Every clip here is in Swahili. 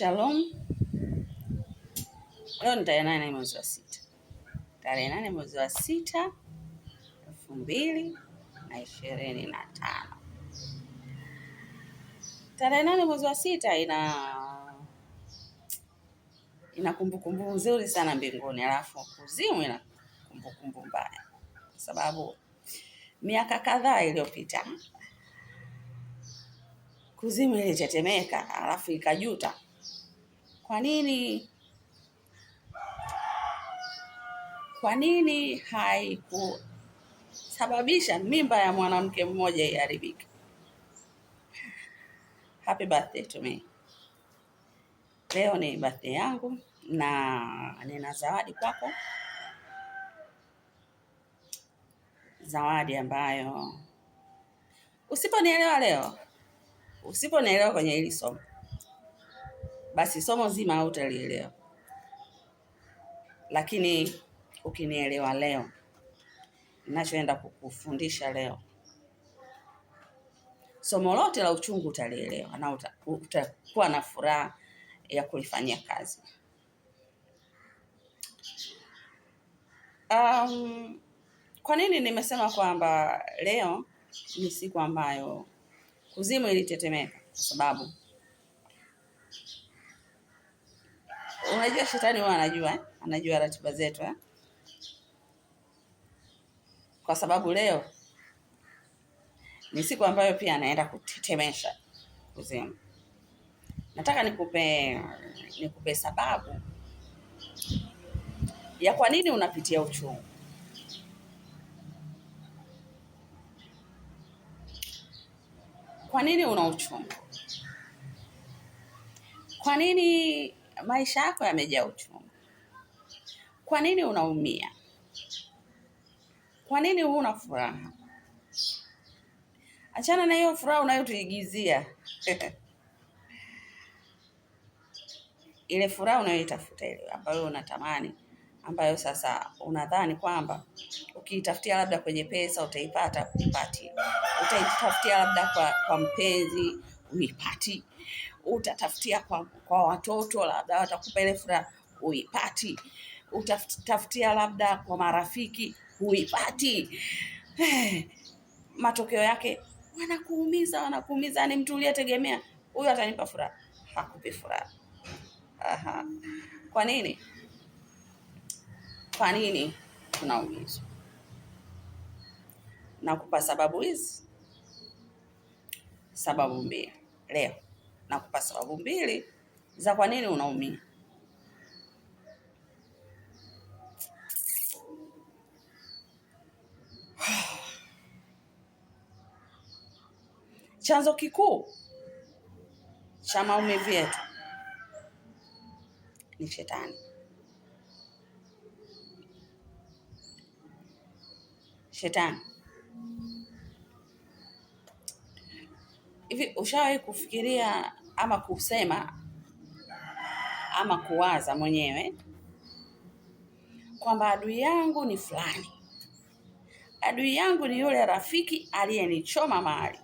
Shalom. Leo ni tarehe nane mwezi wa sita, tarehe nane mwezi wa sita elfu mbili na ishirini na tano. Tarehe nane mwezi wa sita ina ina kumbukumbu nzuri sana mbinguni, alafu kuzimu ina kumbukumbu mbaya, kwa sababu miaka kadhaa iliyopita kuzimu ilitetemeka, alafu ikajuta kwa nini kwa nini haikusababisha mimba ya mwanamke mmoja iharibike? Happy birthday to me. Leo ni birthday yangu na nina zawadi kwako, zawadi ambayo usiponielewa leo, usiponielewa kwenye hili somo basi somo zima hautalielewa, lakini ukinielewa leo, ninachoenda kukufundisha leo, somo lote la uchungu utalielewa na utakuwa na furaha ya kulifanyia kazi. Um, kwa nini nimesema kwamba leo ni siku ambayo kuzimu ilitetemeka? Kwa sababu Unajua shetani huwa anajua eh? Anajua ratiba zetu eh? Kwa sababu leo ni siku ambayo pia anaenda kutetemesha kuzimu. Nataka nikupe nikupe sababu ya kwa nini unapitia uchungu. Kwa nini una uchungu? Kwa nini maisha yako yamejaa uchungu. Kwa nini unaumia? Kwa nini huna furaha? Achana na hiyo furaha unayotuigizia ile furaha unayoitafuta ile ambayo unatamani, ambayo sasa unadhani kwamba ukiitafutia labda kwenye pesa utaipata, uipati. Utaitafutia labda kwa, kwa mpenzi uipati utatafutia kwa, kwa watoto labda watakupa ile furaha huipati, utatafutia labda kwa marafiki huipati. Hey, eh, matokeo yake wanakuumiza, wanakuumiza. Ni mtu uliyetegemea huyu atanipa furaha, hakupi furaha. Aha. Kwa nini? Kwa nini tunaumizwa? Nakupa sababu hizi, sababu mbili leo nakupa sababu mbili za kwa nini unaumia. Chanzo kikuu cha maumivu yetu ni shetani. Shetani. Hivi ushawahi kufikiria ama kusema ama kuwaza mwenyewe kwamba adui yangu ni fulani, adui yangu ni yule rafiki aliyenichoma mali,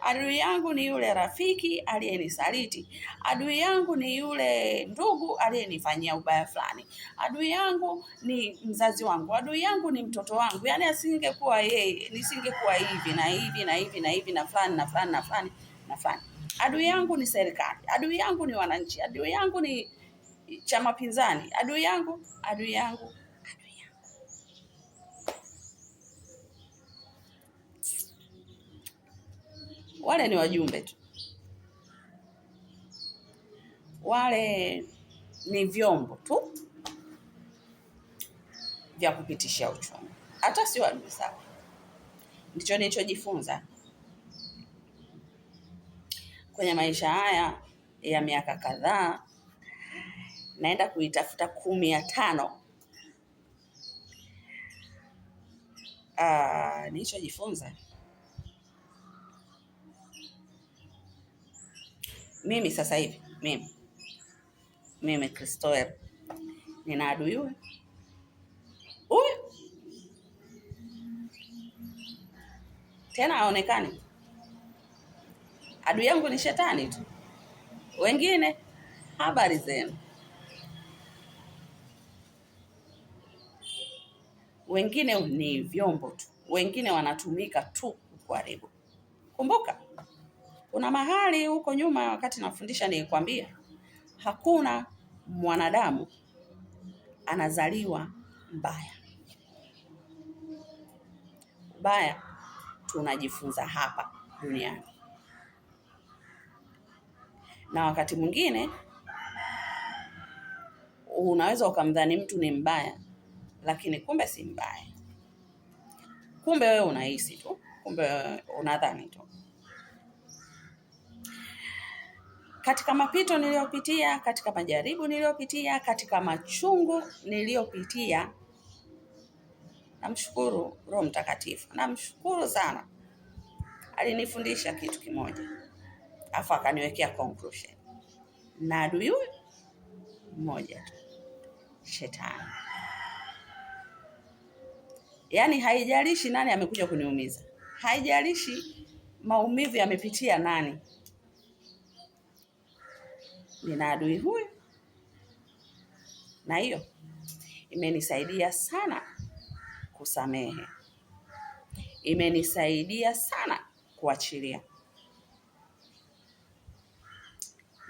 adui yangu ni yule rafiki aliyenisaliti, adui yangu ni yule ndugu aliyenifanyia ubaya fulani, adui yangu ni mzazi wangu, adui yangu ni mtoto wangu. yani asingekuwa yeye, nisingekuwa hivi na hivi na hivi na hivi na fulani na fulani na fulani na fulani. Adui yangu ni serikali, adui yangu ni wananchi, adui yangu ni chama pinzani, adui yangu, adui yangu, adui yangu. Wale ni wajumbe tu, wale ni vyombo tu vya kupitisha uchumi, hata sio adui. Sawa, ndicho nilichojifunza kwenye maisha haya ya miaka kadhaa, naenda kuitafuta kumi ya tano. Uh, nilichojifunza mimi sasa hivi mimi mimi Christoel nina adui huyu, tena aonekani Adui yangu ni shetani tu. Wengine habari zenu, wengine ni vyombo tu, wengine wanatumika tu kuharibu. Kumbuka, kuna mahali huko nyuma, wakati nafundisha, nilikwambia hakuna mwanadamu anazaliwa mbaya. Ubaya tunajifunza hapa duniani na wakati mwingine unaweza ukamdhani mtu ni mbaya, lakini kumbe si mbaya, kumbe wewe unahisi tu, kumbe unadhani tu. Katika mapito niliyopitia, katika majaribu niliyopitia, katika machungu niliyopitia, namshukuru Roho Mtakatifu, namshukuru sana, alinifundisha kitu kimoja afu akaniwekea conclusion na adui huyu mmoja tu, shetani. Yaani haijalishi nani amekuja kuniumiza, haijalishi maumivu yamepitia nani, nina adui huyu, na hiyo imenisaidia sana kusamehe, imenisaidia sana kuachilia.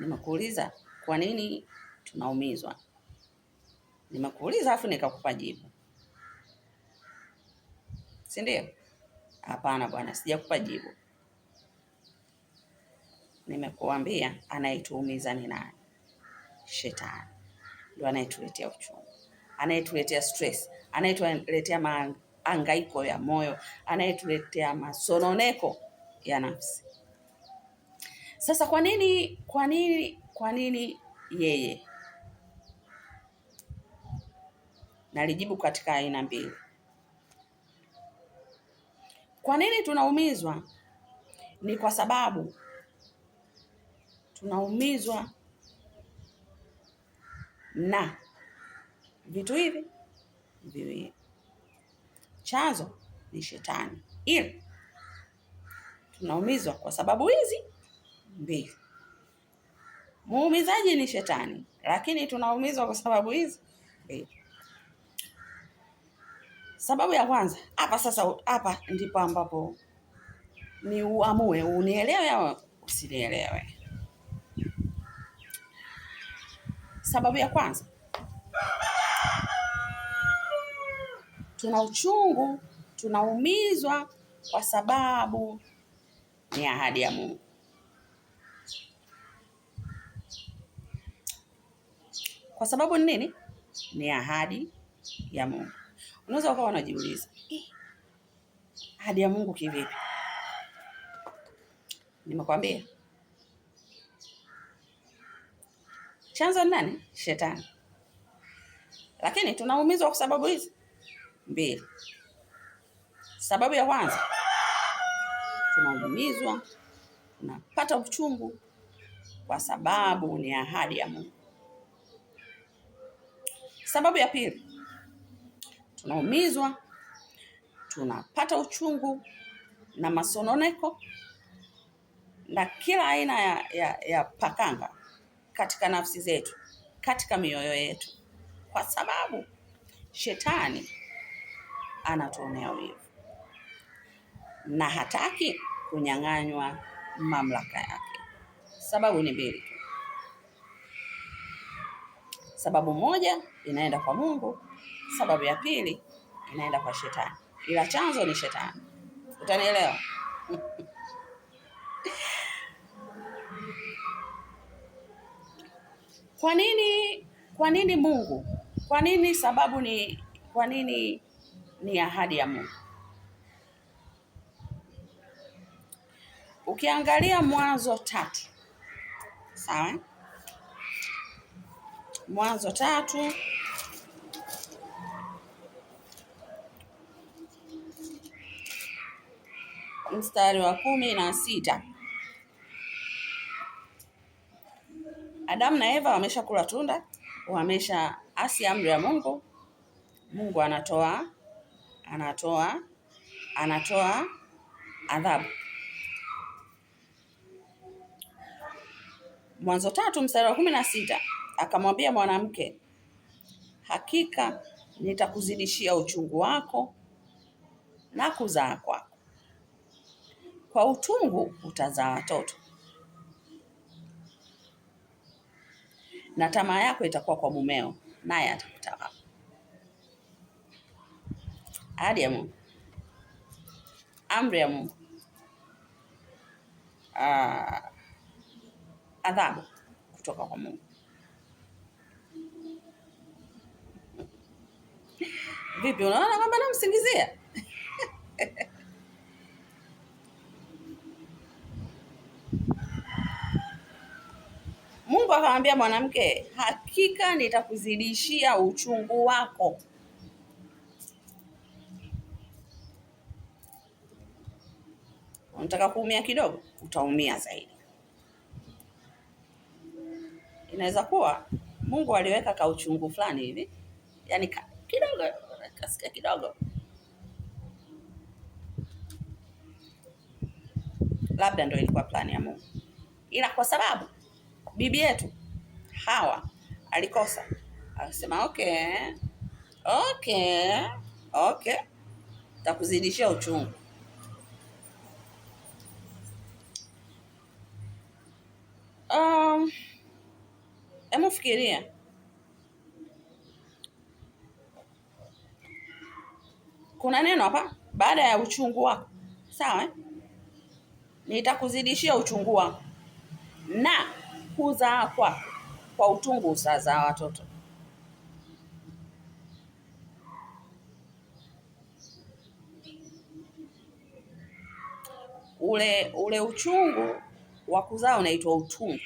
nimekuuliza kwa nini tunaumizwa, nimekuuliza afu nikakupa jibu, si ndio? Hapana bwana, sijakupa jibu. Nimekuambia anayetuumiza ni nani? Shetani ndio anayetuletea uchungu, anayetuletea stress, anayetuletea maangaiko ya moyo, anayetuletea masononeko ya nafsi. Sasa kwa nini kwa nini kwa nini yeye? Nalijibu katika aina mbili. Kwa nini tunaumizwa? Ni kwa sababu tunaumizwa na vitu hivi viwili. Chanzo ni Shetani, ila tunaumizwa kwa sababu hizi mbili. Muumizaji ni shetani, lakini tunaumizwa kwa sababu hizi mbili. Sababu ya kwanza hapa sasa, hapa ndipo ambapo ni uamue unielewe au usinielewe. Sababu ya kwanza, tuna uchungu, tunaumizwa kwa sababu ni ahadi ya Mungu. Kwa sababu ni nini? Ni ahadi ya Mungu. Unaweza ukawa unajiuliza eh, ahadi ya Mungu kivipi? Nimekwambia chanzo ni nani? Shetani. Lakini tunaumizwa kwa sababu hizi mbili. Sababu ya kwanza, tunaumizwa, tunapata uchungu kwa sababu ni ahadi ya Mungu. Sababu ya pili, tunaumizwa, tunapata uchungu na masononeko na kila aina ya, ya, ya pakanga katika nafsi zetu, katika mioyo yetu, kwa sababu shetani anatuonea wivu na hataki kunyang'anywa mamlaka yake. Sababu ni mbili. Sababu moja inaenda kwa Mungu, sababu ya pili inaenda kwa shetani, ila chanzo ni shetani. Utanielewa? Kwa nini? Kwa nini Mungu? Kwa nini? Sababu ni kwa nini ni ahadi ya Mungu. Ukiangalia Mwanzo tatu, sawa Mwanzo tatu mstari wa kumi na sita. Adamu na Eva wameshakula tunda, wamesha asi amri ya Mungu. Mungu anatoa anatoa anatoa adhabu. Mwanzo tatu mstari wa kumi na sita akamwambia mwanamke, hakika nitakuzidishia uchungu wako na kuzaa kwako, kwa utungu utazaa watoto na tamaa yako itakuwa kwa mumeo, naye atakutawala. Ahadi ya Mungu, amri ya Mungu, ah, adhabu kutoka kwa Mungu. vipi? Unaona kwamba namsingizia Mungu akamwambia mwanamke, hakika nitakuzidishia uchungu wako. Unataka kuumia kidogo, utaumia zaidi. Inaweza kuwa Mungu aliweka kauchungu fulani hivi, yaani kidogo nasikia kidogo. Labda ndio ilikuwa plani ya Mungu, ila kwa sababu bibi yetu Hawa alikosa, akasema okay, okay, okay, takuzidishia uchungu. Um, hebu fikiria kuna neno hapa baada ya uchungu wako sawa eh? nitakuzidishia uchungu wako na kuzaa kwako kwa utungu usazaa watoto ule ule uchungu wa kuzaa unaitwa utungu